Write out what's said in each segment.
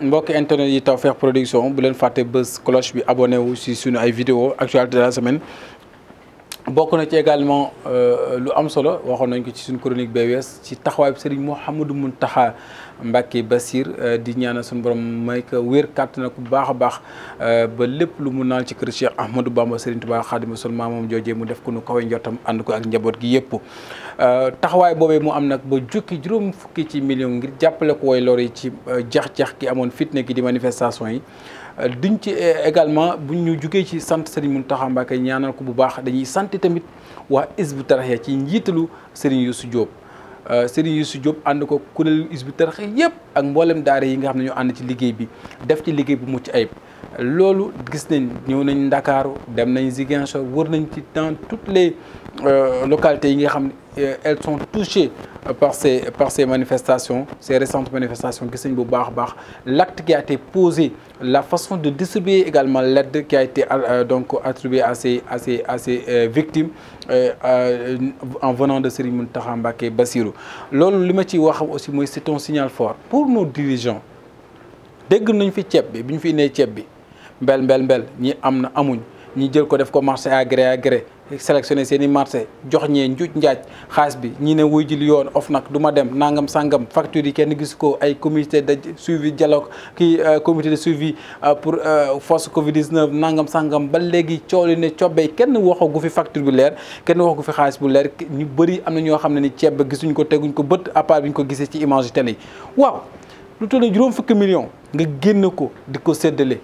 mbokk internet yi taw feex Production bu leen fàtte bës cloche bi abonné wu si suñu ay vidéo actualité de semaine bokk na ci également euh, lu am solo waxoon nañ ko ci suñu chronique bee wees ci taxawaay bi Serigne Mouhamadou Mountakha Mbacké Bassir euh, di ñaana suñu borom may ko wér kàtt na ku baax a baax euh, ba lépp lu mu naan ci kër Cheikh Ahmadou Bamba Serigne Touba Khadimou Rassoul maamam joojee mu def ko nu kawe njootam ànd ko ak njaboot gi yëpp. Euh, taxawaay boobee mu am nag ba jukki juróom fukki ci million ngir jàppale ko way lor yi ci euh, jax-jax gi amoon fitna gi di manifestation yi euh, duñ ci également buñ ñu jugee ci sant Serigne Mountakha Mbacké ñaanal ko bu baax dañuy sant tamit waa bu Tarqiyyah ci njiitalu Serigne Youssou Diop Serigne Youssou Diop ànd ko kuréelu bu Tarqiyyah yëpp ak mboolem daare yi nga xam ne ñu ànd ci liggéey bi def ci liggéey bu mucc ayib loolu gis nañ ñëw nañ Ndakaaru dem nañ Ziguinchor wër nañ ci dans toutes les euh, localités yi nga xam ne euh, elles sont touchées euh, par ces par ces manifestations ces récentes manifestations gis nañ bu baax a baax l'acte qui a été posé la façon de distribuer également l'aide qui a été donc attribuée à ces à ces à ces victimes en venant de Serigne Mountakha Mbacké Bassirou loolu li ma ciy wax aussi mooy c'est un signal fort pour nos dirigeants dégg nañ fi ceeb bi bu ñu fi nee ceeb bi mbel mbel ñi am na amuñ ñi jël ko def ko marché à gré à gré seen i marché jox ñee njuuj njaaj xaalis bi ñi ne wuy jil yoon of nag duma dem nangam sangam facture yi kenn gis ko ay comité de suivi dialogue kii euh, comité de suivi euh, pour euh, force Covid 19 nangam sangam ba léegi coow li ne cobbee kenn waxagu fi facture bu leer kenn waxagu fi xaalis bu leer ñu bëri am na ñoo xam ne ni ceeb ba gisuñ ko teguñ ko bët à bi ñu ko gisee ci image télé waaw lu toll juróom fukki million nga génn ko di ko séddale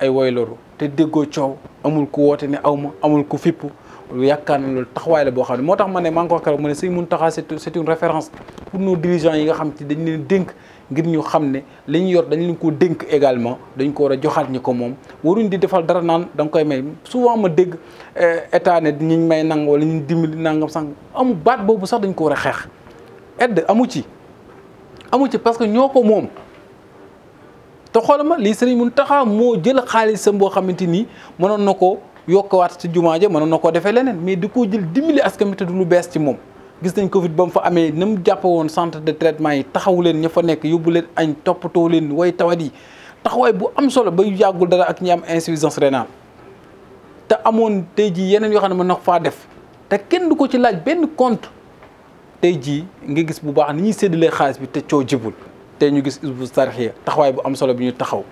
ay loru te déggoo coow amul ku woote ne aw ma amul ku fippu lu yaakaar na loolu taxawaay la boo xam ne moo tax ma ne maa ngi ko keroog ma ne Sëñ Mountakha c'est une référence pour yi nga xam te dañ leen dénk ngir ñu xam ne li ñu yor dañ leen ko dénk également dañ ko war a joxaat ñi ko moom waruñ di defal dara naan danga koy may souvent ma dégg eh, état ne ñu may nang wala ñu dimbali nangam sax amu baat boobu sax dañ ko war a xeex aide amu ci amu ci parce que ñoo ko moom te xoolal ma lii sëriñ Mountakha moo jël xaalisam boo xamante ni mënoon na ko yokk waat ci jumaa ja mënoon na koo defee leneen mais di ko jël dimbali askan wi te du lu bees ci moom. gis nañ Covid ba mu fa amee na mu jàppe woon centre de traitement yi taxawu leen ña fa nekk yóbbu leen añ toppatoo leen way tawaat yi taxawaay bu am solo ba yàggul dara ak ñi am insuffisance rénale te amoon tey jii yeneen yoo xam ne mën na faa def te kenn du ko ci laaj benn compte tey jii nga gis bu baax ni ñuy séddalee xaalis bi te coo jibul tey ñu gis Hizbut Tarqiyyah taxawaay bu am solo bi ñu taxaw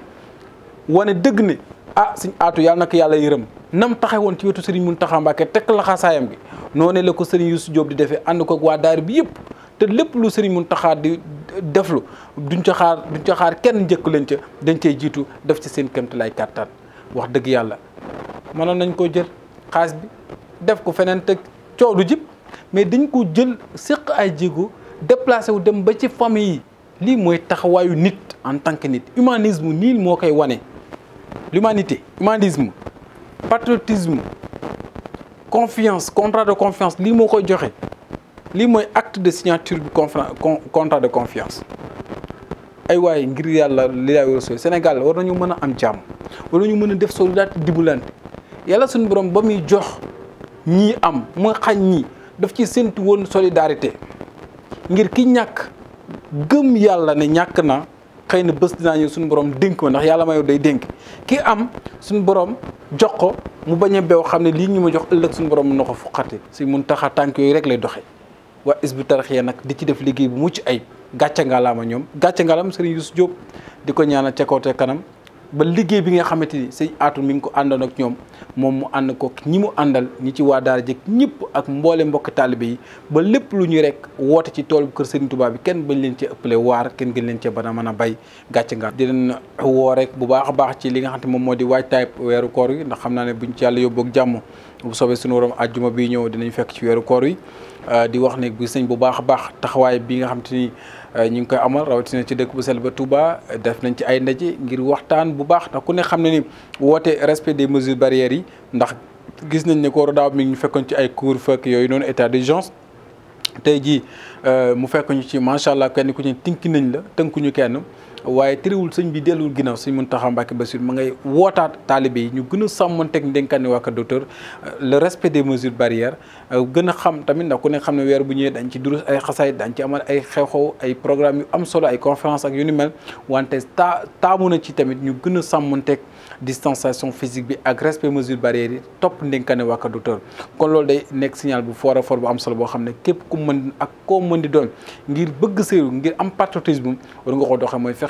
wane dëgg ne ah suñ aatu yàlla na yàlla yërëm nam woon ci wetu Serigne Mountakha Mbacké tekk laxaasaayam bi noonee la ko Serigne Youssou Diop di defee ànd ko waa daara bi yëpp te lépp lu mun Mountakha di deflu duñ ca xaar duñ ca xaar kenn njëkk leen ca dañ cay jiitu def ci seen kéemtalaay kàttan wax dëgg yàlla mënoon nañ koo jël xaalis bi def ko feneen te coow du jib mais dañ ko jël séq ay jiigo déplacé wu dem ba ci famille yi lii mooy taxawaayu nit en tant que nit humanisme nii moo koy wane l'humanité humanisme patriotisme confiance contrat de confiance lii moo koy joxe lii mooy acte de signature du contrat de confiance ay waaye ngir yàlla li laay war a Sénégal war nañu mën a am jàmm war nañu mën a def solidarité dimbalante yàlla suñu borom ba muy jox ñii am mu xañ ñii daf ci séntu woon solidarité ngir ki ñàkk gëm yàlla ne ñàkk na xëy na bés dinaa ñëw suñu borom dénk ma ndax yàlla mayu day dénk ki am suñu borom jox ko mu bañ a beew xam ne lii ñu ma jox ëllëg suñu borom na ko fuqate si mun taxa tànk yooyu rek lay doxee waa Hizbut yee nag di ci def liggéey bu mucc ay gàcce ngalaama ñoom gàcce ngalaam Serigne Youssou Diop di ko ñaanal ca te kanam ba liggéey bi nga xamante ni sëñ Atou mi ngi ko àndoon ak ñoom moom mu ànd ko ñi mu àndal ñi ci waa daara jëkk ñëpp ak mboole mbokk taalibe yi ba lépp lu ñuy rek woote ci tool bu kër Serigne Touba bi kenn bañ leen ci ëppale waar kenn gën leen cee bana mën a bay gàcc nga di leen woo rek bu baax a baax ci li nga xam ne moom moo di waajtaay weeru yi ndax xam naa ne buñ ci yàlla yóbbu ak jàmm bu soobee suñu waroom àjjuma bi ñëw dinañ fekk ci weeru koor yi Euh, di wax ne gis nañ bu baax a baax taxawaay bi nga xam te ni euh, ñu ngi koy amal rawatina ci dëkk bu sell ba tubaa def nañ ci ay ndaje ngir waxtaan bu baax ndax ku ne xam ne ni woote respect des mesures barrières yi ndax gis nañ ne koor daaw mi ngi ñu fekkoon ci ay couvre-feu yooyu noonu état de d'urgence tey jii euh, mu fekk ci macha allah kenn ku ci tinki nañ la tënkuñu kenn. waaye tëriwul suñ bi delluwul ginnaaw sëñ Mountakha Mbacké Bassirou ma ngay wootaat taalibe yi ñu gën a sàmmanteeg ndénkaane waa Kër Docteur euh, le respect des mesures barrières euh, gën a xam tamit ndax ku ne xam ne weer bu ñëwee dañ ci durus ay xasaay dañ ci amal ay xew-xew ay programme yu am solo ay conférence ak yu ni mel wante taa taamu na ci tamit ñu gën a sàmmanteeg distanciation physique bi ak respect mesures barrières yi topp ndénkaane waa Kër kon loolu day nekk signal bu fort a fort am solo boo xam ne képp ku mën ak koo mën di doon ngir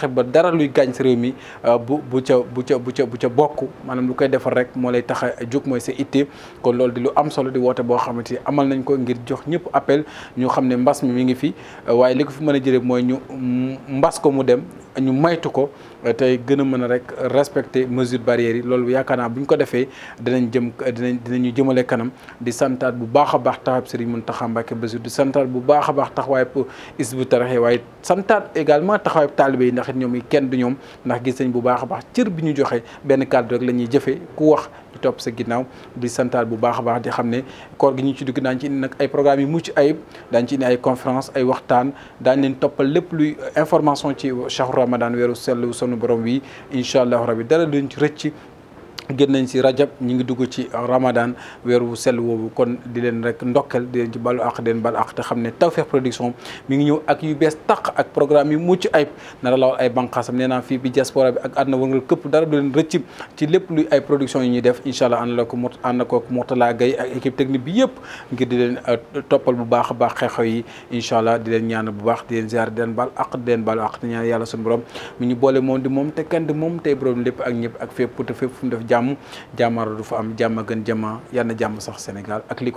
fexe ba dara luy gaañ si réew mi euh, bu bu ca bu ca bu ca bu ca bokk maanaam lu koy defal rek moo lay tax a jóg mooy sa itte kon loolu di lu am solo di woote boo xamante ni amal nañ ko ngir jox ñëpp appel ñu xam ne mbas mi mi ngi fi euh, waaye li ko fi mën a jëlee mooy ñu mm, mbas ko mu dem ñu maytu ko tey gën a mën a rek respecte mesures barrières yi loolu yaakaar naa bu ñu ko defee dinañ jëm dinañ dinañu jëmale kanam di santaat bu baax a baax taxaw Serigne Mountakha Mbacké Bassirou di santaat bu baax a baax taxawaay pour Hizbut Tarqiyyah waaye santaat également taxawaay taalibe yi ndax it ñoom yi kenn du ñoom ndax gis nañ bu baax a baax cër bi ñu joxee benn cadre rek la ñuy jëfee ku wax topp sa ginnaaw di santaal bu baax a baax di xam ne koor gi ñu ci dugg daañu ci indi nag ay programme yu mucc ayib daañu ci indi ay conférence ay waxtaan daañ leen toppal lépp luy information ci chahru ramadan weeru sell sunu borom wi incha allahu rabbi dara duñ ci rëcc génn nañ si rajab ñu ngi dugg ci ramadan weer sell woowu kon di leen rek ndokkal di leen ci balu àq di leen balu ne Tawfekh Production mi ngi ñëw ak yu bees tàq ak yu mucc ayib nara lawal ay banqaasam fii bi diaspora bi ak àdduna wëngal këpp dara du leen rëccib ci lépp luy ay production yi ñuy def incha allah la ko mot ànd ko Mourtala Gaye ak équipe technique bi yëpp ngir di leen euh, toppal bu baax a baax xeexoo yi incha allah di leen ñaan bu baax di leen ziar di leen bal àq di leen balu àq di ñaan yàlla suñu borom mi ñu boole moom te kenn di moom tey borom lépp ak ñëpp ak fépp te def jàmm jàmmaaro du fa am jàmm a gën jàmm sax Sénégal ak li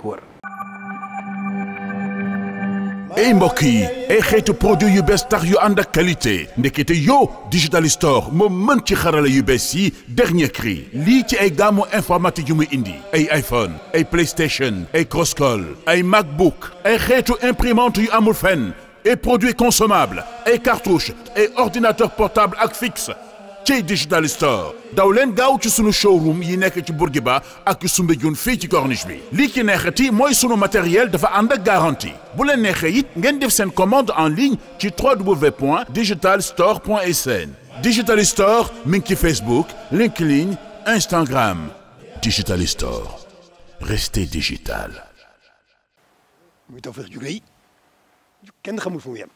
mbokk yi ay xeetu produit yu bees tax yu ànd ak qualité ndekete yow digital store moo mën ci xarala yu bees yi dernier cri lii ci ay gamme informatique yu mu indi ay iPhone ay PlayStation ay Crosscall ay MacBook ay xeetu imprimante yu amul fenn ay produits consommables ay cartouches ay ordinateur portable ak fixe ci digital store daw leen gaaw ci sunu showroom yi nekk ci Bourguiba ak Soumbédioune fii ci corniche bi lii ci ki neexati mooy sunu matériel dafa ànd ak bu leen neexee it ngeen def seen commande en ligne ci www.digitalstore.sn digital store mi ngi ci Facebook LinkedIn Instagram digital store restez digital. muy Tawfekh jugee yi kenn xamul fu mu yem.